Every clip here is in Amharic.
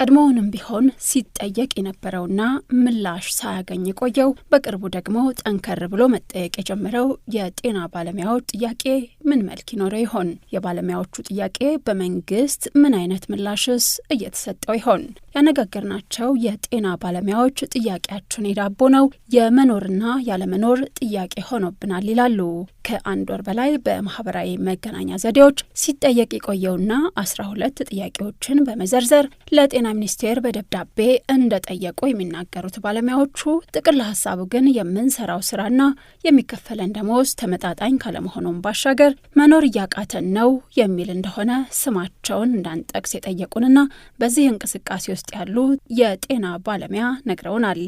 ቀድሞውንም ቢሆን ሲጠየቅ የነበረውና ምላሽ ሳያገኝ የቆየው በቅርቡ ደግሞ ጠንከር ብሎ መጠየቅ የጀመረው የጤና ባለሙያዎች ጥያቄ ምን መልክ ይኖረው ይሆን? የባለሙያዎቹ ጥያቄ በመንግስት ምን አይነት ምላሽስ እየተሰጠው ይሆን? ያነጋገርናቸው የጤና ባለሙያዎች ጥያቄያቸውን የዳቦ ነው፣ የመኖርና ያለመኖር ጥያቄ ሆኖብናል ይላሉ። ከአንድ ወር በላይ በማህበራዊ መገናኛ ዘዴዎች ሲጠየቅ የቆየውና አስራ ሁለት ጥያቄዎችን በመዘርዘር ለጤና የጤና ሚኒስቴር በደብዳቤ እንደጠየቁ የሚናገሩት ባለሙያዎቹ ጥቅል ሀሳቡ ግን የምንሰራው ስራና የሚከፈለን ደሞዝ ተመጣጣኝ ካለመሆኑም ባሻገር መኖር እያቃተን ነው የሚል እንደሆነ ስማቸውን እንዳንጠቅስ የጠየቁንና በዚህ እንቅስቃሴ ውስጥ ያሉ የጤና ባለሙያ ነግረውናል።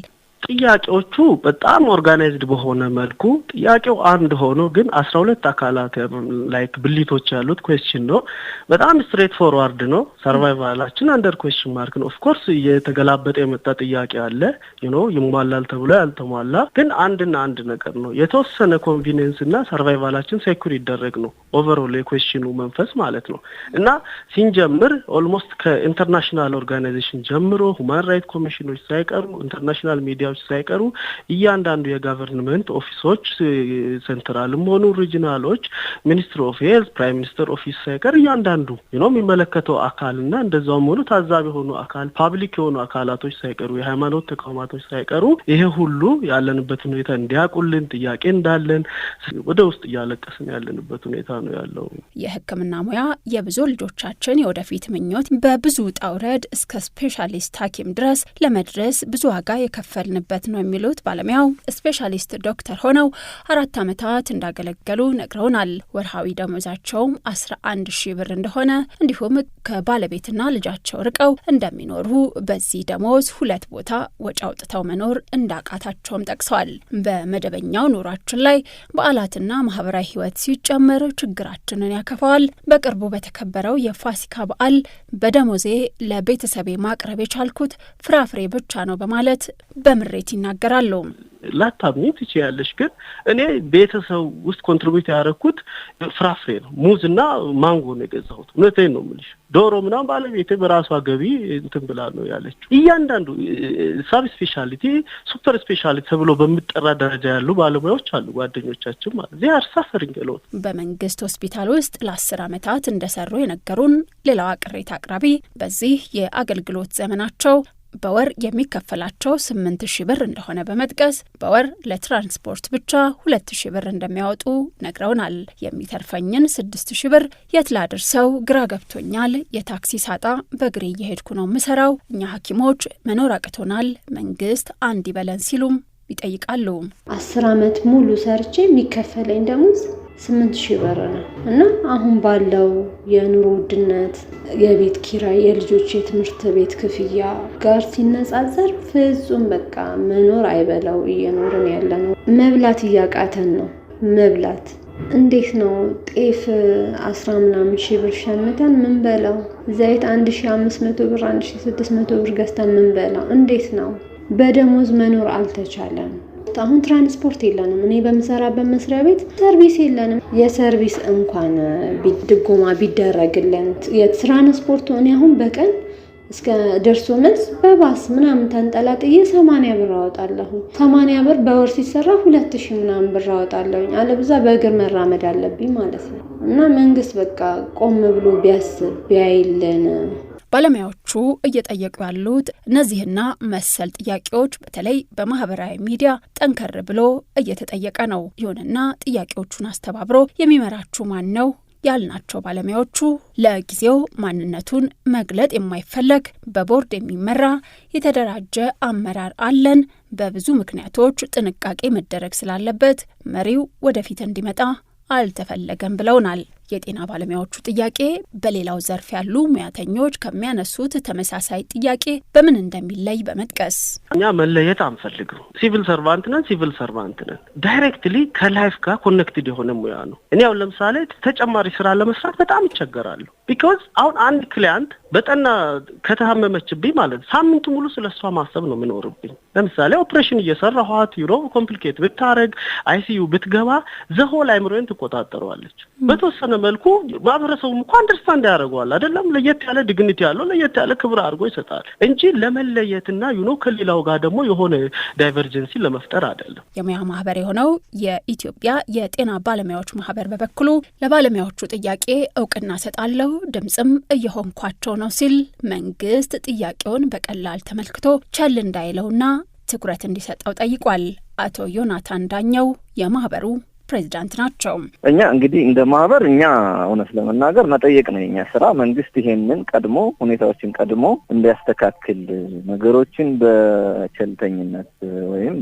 ጥያቄዎቹ በጣም ኦርጋናይዝድ በሆነ መልኩ ጥያቄው አንድ ሆኖ ግን አስራ ሁለት አካላት ላይክ ብሊቶች ያሉት ኮስችን ነው። በጣም ስትሬት ፎርዋርድ ነው። ሰርቫይቫላችን አንደር ኮስችን ማርክ ነው። ኦፍኮርስ እየተገላበጠ የመጣ ጥያቄ አለ ዩኖ ይሟላል ተብሎ ያልተሟላ ግን አንድና አንድ ነገር ነው። የተወሰነ ኮንቪኒንስ እና ሰርቫይቫላችን ሴኩር ይደረግ ነው ኦቨርል የኮስችኑ መንፈስ ማለት ነው እና ሲንጀምር ኦልሞስት ከኢንተርናሽናል ኦርጋናይዜሽን ጀምሮ ሁማን ራይት ኮሚሽኖች ሳይቀሩ ኢንተርናሽናል ሚዲያ ሚዲያዎች ሳይቀሩ እያንዳንዱ የጋቨርንመንት ኦፊሶች ሴንትራልም ሆኑ ሪጂናሎች፣ ሚኒስትር ኦፍ ሄልዝ፣ ፕራይም ሚኒስትር ኦፊስ ሳይቀር እያንዳንዱ ነው የሚመለከተው አካል እና እንደዛውም ሆኑ ታዛቢ የሆኑ አካል ፓብሊክ የሆኑ አካላቶች ሳይቀሩ የሃይማኖት ተቋማቶች ሳይቀሩ ይሄ ሁሉ ያለንበትን ሁኔታ እንዲያውቁልን ጥያቄ እንዳለን ወደ ውስጥ እያለቀስን ያለንበት ሁኔታ ነው ያለው። የህክምና ሙያ የብዙ ልጆቻችን የወደፊት ምኞት በብዙ ውጣ ውረድ እስከ ስፔሻሊስት ሐኪም ድረስ ለመድረስ ብዙ ዋጋ የከፈልነው የደረስንበት ነው የሚሉት ባለሙያው ስፔሻሊስት ዶክተር ሆነው አራት ዓመታት እንዳገለገሉ ነግረውናል። ወርሃዊ ደሞዛቸውም አስራ አንድ ሺህ ብር እንደሆነ እንዲሁም ከባለቤትና ልጃቸው ርቀው እንደሚኖሩ በዚህ ደሞዝ ሁለት ቦታ ወጪ አውጥተው መኖር እንዳቃታቸውም ጠቅሰዋል። በመደበኛው ኑሯችን ላይ በዓላትና ማህበራዊ ሕይወት ሲጨመር ችግራችንን ያከፋዋል። በቅርቡ በተከበረው የፋሲካ በዓል በደሞዜ ለቤተሰቤ ማቅረብ የቻልኩት ፍራፍሬ ብቻ ነው በማለት በምር በምሬት ይናገራሉ። ላታምኚ ትችያለሽ፣ ግን እኔ ቤተሰብ ውስጥ ኮንትሪቢዩት ያደረግኩት ፍራፍሬ ነው። ሙዝ ሙዝና ማንጎ ነው የገዛሁት። እውነቴን ነው የምልሽ። ዶሮ ምናምን ባለቤቴ በራሷ ገቢ እንትን ብላ ነው ያለችው። እያንዳንዱ ሳብ ስፔሻሊቲ፣ ሱፐር ስፔሻሊቲ ተብሎ በሚጠራ ደረጃ ያሉ ባለሙያዎች አሉ፣ ጓደኞቻችን ማለት ዚህ አር ገለት በመንግስት ሆስፒታል ውስጥ ለአስር አመታት እንደሰሩ የነገሩን ሌላዋ ቅሬታ አቅራቢ በዚህ የአገልግሎት ዘመናቸው በወር የሚከፈላቸው ስምንት ሺህ ብር እንደሆነ በመጥቀስ በወር ለትራንስፖርት ብቻ ሁለት ሺህ ብር እንደሚያወጡ ነግረውናል። የሚተርፈኝን ስድስት ሺ ብር የት ላድርሰው? ግራ ገብቶኛል። የታክሲ ሳጣ በእግሬ እየሄድኩ ነው ምሰራው። እኛ ሐኪሞች መኖር አቅቶናል፣ መንግስት አንድ ይበለን ሲሉም ይጠይቃሉ። አስር አመት ሙሉ ሰርቼ የሚከፈለኝ ደሞዝ ስምንት ሺህ ብር ነው እና አሁን ባለው የኑሮ ውድነት የቤት ኪራይ፣ የልጆች የትምህርት ቤት ክፍያ ጋር ሲነጻጸር ፍጹም በቃ መኖር አይበላው እየኖርን ያለ ነው። መብላት እያቃተን ነው። መብላት እንዴት ነው? ጤፍ አስራ ምናምን ሺህ ብር ሸምተን ምን በላው? ዘይት አንድ ሺህ አምስት መቶ ብር አንድ ሺህ ስድስት መቶ ብር ገዝተን ምን በላው? እንዴት ነው? በደሞዝ መኖር አልተቻለም። አሁን ትራንስፖርት የለንም። እኔ በምሰራበት መስሪያ ቤት ሰርቪስ የለንም። የሰርቪስ እንኳን ድጎማ ቢደረግልን የትራንስፖርቱ እኔ አሁን በቀን እስከ ደርሶ መልስ በባስ ምናምን ተንጠላጥዬ ሰማንያ ብር አወጣለሁ። ሰማንያ ብር በወር ሲሰራ ሁለት ሺህ ምናምን ብር አወጣለሁኝ። አለብዛ በእግር መራመድ አለብኝ ማለት ነው። እና መንግስት በቃ ቆም ብሎ ቢያስብ ቢያይልን ባለሙያዎቹ እየጠየቁ ያሉት እነዚህና መሰል ጥያቄዎች በተለይ በማህበራዊ ሚዲያ ጠንከር ብሎ እየተጠየቀ ነው። ይሁንና ጥያቄዎቹን አስተባብሮ የሚመራችሁ ማን ነው ያልናቸው ባለሙያዎቹ ለጊዜው ማንነቱን መግለጥ የማይፈለግ በቦርድ የሚመራ የተደራጀ አመራር አለን። በብዙ ምክንያቶች ጥንቃቄ መደረግ ስላለበት መሪው ወደፊት እንዲመጣ አልተፈለገም ብለውናል። የጤና ባለሙያዎቹ ጥያቄ በሌላው ዘርፍ ያሉ ሙያተኞች ከሚያነሱት ተመሳሳይ ጥያቄ በምን እንደሚለይ በመጥቀስ እኛ መለየት አንፈልግም። ሲቪል ሰርቫንት ነን፣ ሲቪል ሰርቫንት ነን። ዳይሬክትሊ ከላይፍ ጋር ኮኔክትድ የሆነ ሙያ ነው። እኔ አሁን ለምሳሌ ተጨማሪ ስራ ለመስራት በጣም ይቸገራሉ። ቢኮዝ አሁን አንድ ክሊያንት በጠና ከተሃመመችብኝ ማለት ሳምንቱ ሙሉ ስለ እሷ ማሰብ ነው የምኖርብኝ። ለምሳሌ ኦፕሬሽን እየሰራኋት ዩሮ ኮምፕሊኬት ብታረግ አይሲዩ ብትገባ ዘሆል አይምሮን ትቆጣጠረዋለች በተወሰነ መልኩ ማህበረሰቡም እኮ አንደርስታንድ ያደርገዋል አይደለም። ለየት ያለ ድግኒት ያለው ለየት ያለ ክብር አድርጎ ይሰጣል እንጂ ለመለየትና ዩኖ ከሌላው ጋር ደግሞ የሆነ ዳይቨርጀንሲ ለመፍጠር አይደለም። የሙያ ማህበር የሆነው የኢትዮጵያ የጤና ባለሙያዎች ማህበር በበኩሉ ለባለሙያዎቹ ጥያቄ እውቅና ሰጣለሁ፣ ድምፅም እየሆንኳቸው ነው ሲል መንግስት ጥያቄውን በቀላል ተመልክቶ ቸል እንዳይለውና ትኩረት እንዲሰጠው ጠይቋል። አቶ ዮናታን ዳኘው የማህበሩ ፕሬዚዳንት ናቸው። እኛ እንግዲህ እንደ ማህበር እኛ እውነት ለመናገር መጠየቅ ነው የኛ ስራ። መንግስት ይሄንን ቀድሞ ሁኔታዎችን ቀድሞ እንዲያስተካክል ነገሮችን በቸልተኝነት ወይም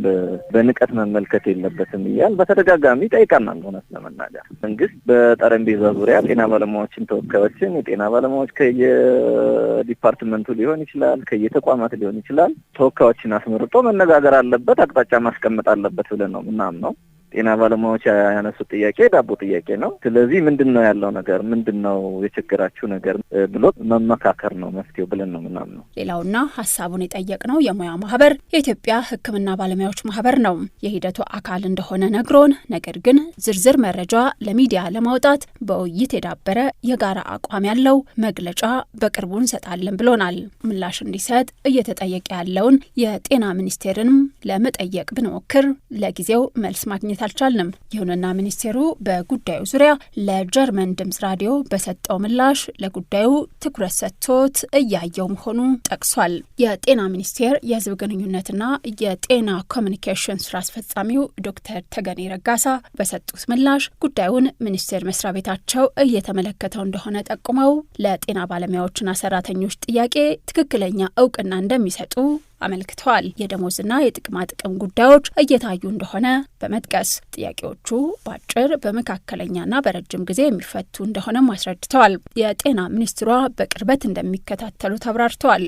በንቀት መመልከት የለበትም እያል በተደጋጋሚ ጠይቀናል። እውነት ለመናገር መንግስት በጠረጴዛ ዙሪያ ጤና ባለሙያዎችን ተወካዮችን የጤና ባለሙያዎች ከየዲፓርትመንቱ ሊሆን ይችላል ከየተቋማት ሊሆን ይችላል ተወካዮችን አስመርጦ መነጋገር አለበት፣ አቅጣጫ ማስቀመጥ አለበት ብለን ነው ምናምን ነው ጤና ባለሙያዎች ያነሱት ጥያቄ ዳቦ ጥያቄ ነው። ስለዚህ ምንድን ነው ያለው ነገር ምንድን ነው የችግራችሁ ነገር ብሎ መመካከር ነው መፍትሄው ብለን ነው ምናምነው። ሌላውና ሀሳቡን የጠየቅነው የሙያ ማህበር የኢትዮጵያ ሕክምና ባለሙያዎች ማህበር ነው የሂደቱ አካል እንደሆነ ነግሮን፣ ነገር ግን ዝርዝር መረጃ ለሚዲያ ለማውጣት በውይይት የዳበረ የጋራ አቋም ያለው መግለጫ በቅርቡ እንሰጣለን ብሎናል። ምላሽ እንዲሰጥ እየተጠየቀ ያለውን የጤና ሚኒስቴርንም ለመጠየቅ ብንሞክር ለጊዜው መልስ ማግኘት ማግኘት አልቻልንም። ይሁንና ሚኒስቴሩ በጉዳዩ ዙሪያ ለጀርመን ድምጽ ራዲዮ በሰጠው ምላሽ ለጉዳዩ ትኩረት ሰጥቶት እያየው መሆኑ ጠቅሷል። የጤና ሚኒስቴር የህዝብ ግንኙነትና የጤና ኮሚኒኬሽን ስራ አስፈጻሚው ዶክተር ተገኔ ረጋሳ በሰጡት ምላሽ ጉዳዩን ሚኒስቴር መስሪያ ቤታቸው እየተመለከተው እንደሆነ ጠቁመው ለጤና ባለሙያዎችና ሰራተኞች ጥያቄ ትክክለኛ እውቅና እንደሚሰጡ አመልክተዋል። የደሞዝና የጥቅማ ጥቅም ጉዳዮች እየታዩ እንደሆነ በመጥቀስ ጥያቄዎቹ በአጭር በመካከለኛና በረጅም ጊዜ የሚፈቱ እንደሆነም አስረድተዋል። የጤና ሚኒስትሯ በቅርበት እንደሚከታተሉ ተብራርተዋል።